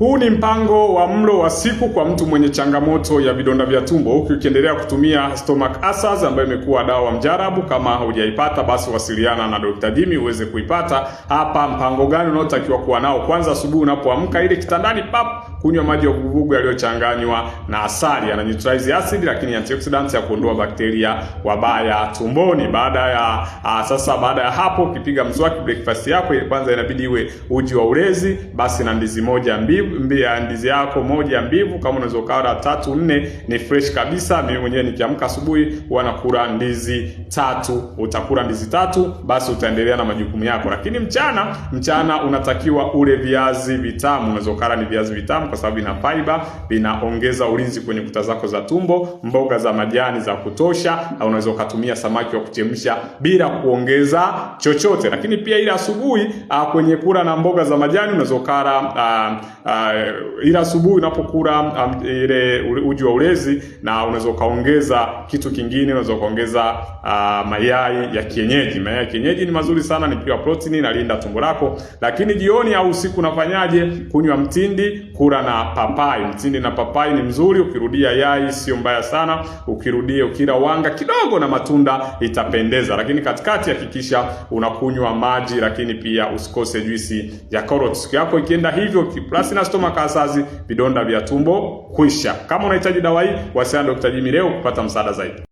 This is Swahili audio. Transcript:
Huu ni mpango wa mlo wa siku kwa mtu mwenye changamoto ya vidonda vya tumbo, huku ukiendelea kutumia stomach acids ambayo imekuwa dawa mjarabu. Kama hujaipata basi wasiliana na Dr. Jimmy uweze kuipata. Hapa mpango gani unaotakiwa kuwa nao kwanza asubuhi unapoamka, ili kitandani pap kunywa maji ya vuguvugu yaliyochanganywa na asali, yana neutralize acid, lakini antioxidants ya kuondoa bakteria wabaya tumboni. Baada ya a, ah, sasa baada ya hapo ukipiga mswaki breakfast yako ile kwanza inabidi iwe uji wa ulezi basi na ndizi moja mbivu, mbia ndizi yako moja mbivu, kama unaweza ukala tatu nne, ni fresh kabisa. Mimi mwenyewe nikiamka asubuhi huwa nakula ndizi tatu. Utakula ndizi tatu, basi utaendelea na majukumu yako. Lakini mchana, mchana unatakiwa ule viazi vitamu, unaweza ukala ni viazi vitamu kwa sababu ina fiber, vinaongeza ulinzi kwenye kuta zako za tumbo. Mboga za majani za kutosha, na unaweza ukatumia samaki wa kuchemsha bila kuongeza chochote. Lakini pia ile asubuhi ah, kwenye kula na mboga za majani unaweza ukala ah, ah, ile asubuhi unapokula um, ile uji wa ulezi, na unaweza ukaongeza kitu kingine, unaweza ukaongeza mayai ya kienyeji. Mayai ya kienyeji ni mazuri sana, ni pia protini, nalinda tumbo lako. Lakini jioni au usiku unafanyaje? Kunywa mtindi, kula na papai, mtindi na papai ni mzuri. Ukirudia yai sio mbaya sana, ukirudia ukila wanga kidogo na matunda itapendeza, lakini katikati hakikisha unakunywa maji, lakini pia usikose juisi ya karoti. Siku yako ikienda hivyo plus na stomach asazi, vidonda vya tumbo kwisha. Kama unahitaji dawa hii, wasiliana na Dr. Jimmy leo kupata msaada zaidi.